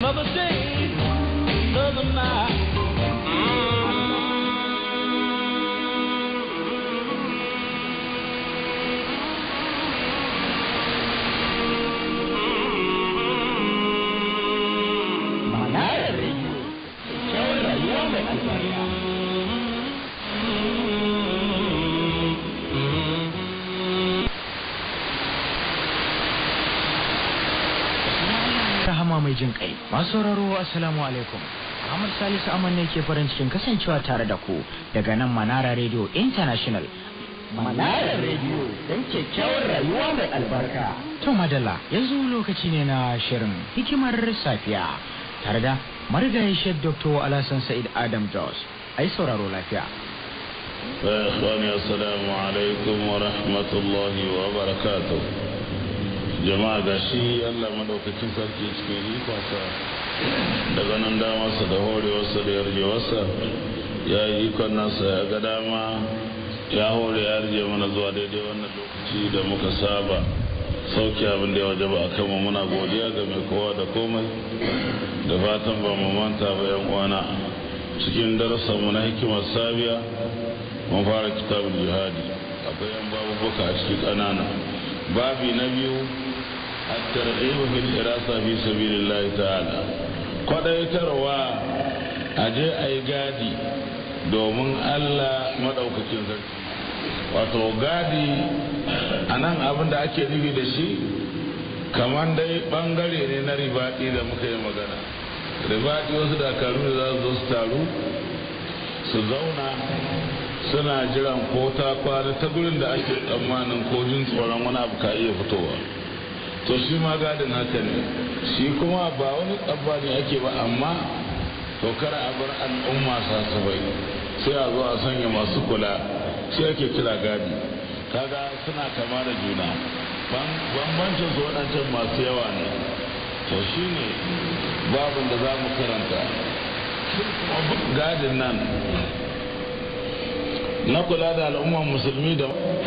Another day, another night. rahama mai jin kai masu sauraro assalamu alaikum Ahmad Salisu Aman ne ke farin cikin kasancewa tare da ku daga nan Manara Radio International Manara Radio don kyakkyawar rayuwa mai albarka to madalla yanzu lokaci ne na shirin hikimar safiya tare da marigayi Sheikh Dr. Alhassan Sa'id Adam Jos ai sauraro lafiya فإخواني alaikum wa rahmatullahi wa barakatuh. jama'a ga shi allah madaukakin sarki cikin kwasa da ganin damarsa da horewarsa da yarjewarsa ya yi ikon nasa ya ga dama ya hore ya rije mana zuwa daidai wannan lokaci da muka saba sauki abin da ya waje ba a kanmu muna godiya ga mai kowa da komai da fatan ba mu manta ba yan uwana cikin darasanmu na hikimar sabiya mun fara kitabul jihadi akwai yan babu buka a cikin ƙanana babi na biyu الترغيب في الدراسة في سبيل الله تعالى قد يتروى أجي أي قادي دومن ألا مدعوك كنزك wato gadi a nan abin da ake nufi da shi kamar dai ɓangare ne na ribaɗi da muka yi magana ribaɗi wasu dakaru da za su zo su taru su zauna suna jiran ko ta kwana ta gurin da ake tsammanin ko jin tsoron wani abu ka iya fitowa to shi ma na ta ne shi kuma ba wani tsabba ne ake ba amma to kara a bar al'umma bai sai a zo a sanya masu kula shi ake kira gadi kaga suna kama da juna bambancin su waɗancan masu yawa ne to shi ne babin da za mu karanta gadin nan na kula da al'umman musulmi da